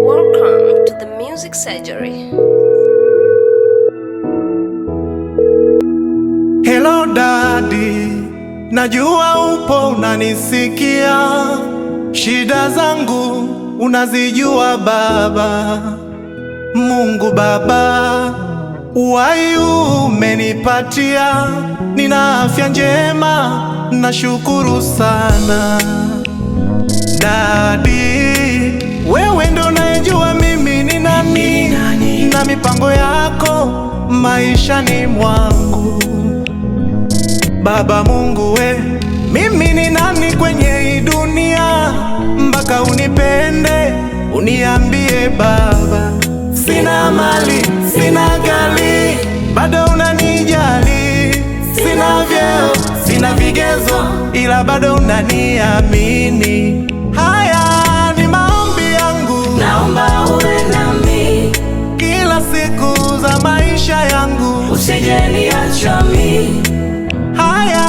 Welcome to the Music Surgery. Hello daddy, najua upo unanisikia, shida zangu unazijua baba. Mungu Baba, uhai umenipatia nina afya njema, nashukuru sana. Dadi, wewe ndo unayejua mimi ni nani, na mipango yako maisha ni mwangu. Baba Mungu, we mimi ni nani kwenye hii dunia, mpaka unipende, uniambie Baba, sina mali sina gari ila bado unaniamini. Haya ni maombi yangu, naomba uwe nami kila siku za maisha yangu, usije niacha mimi. Haya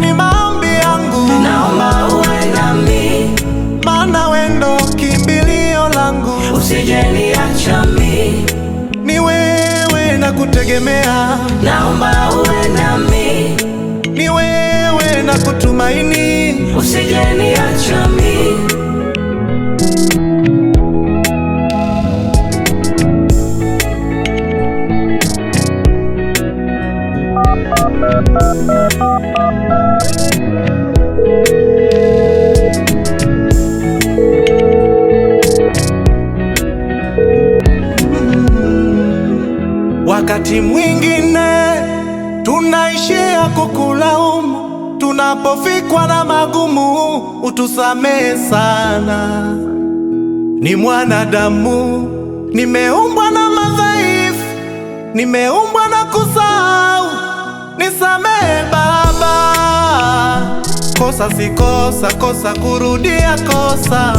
ni maombi yangu, naomba uwe nami, maana wewe ndo kimbilio langu, usije niacha mimi. Ni wewe na kutegemea, naomba uwe nami na kutumaini, usijeniacha mimi. Wakati mwingine tunaishia kukulaumu tunapofikwa na magumu, utusamehe sana. Ni mwanadamu, nimeumbwa na madhaifu, nimeumbwa na kusahau, nisamehe Baba. Kosa si kosa, kosa kurudia kosa.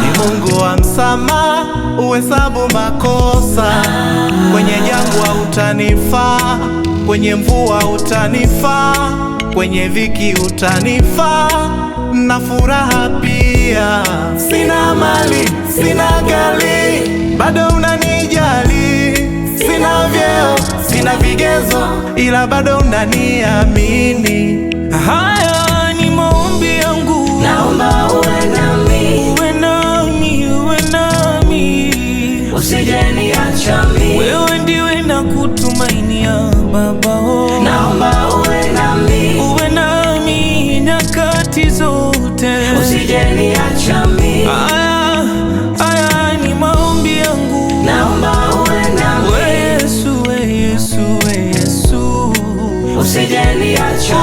Ni Mungu wa msamaha, uhesabu makosa, kwenye jangwa utanifaa Kwenye mvua utanifaa, kwenye viki utanifaa, na furaha pia. Sina mali, sina gari, bado unanijali. Sina vyeo, sina vigezo, ila bado unaniamini. Haya ni maombi yangu, naomba uwe nami, uwe nami, uwe nami, usijeniacha mimi, wewe ndiwe kutumainia Baba, oh, naomba uwe nami, uwe nami nyakati zote, usijeniacha mimi. Aya, aya ni maombi yangu, naomba uwe nami, we Yesu, we Yesu, we Yesu, usijeniacha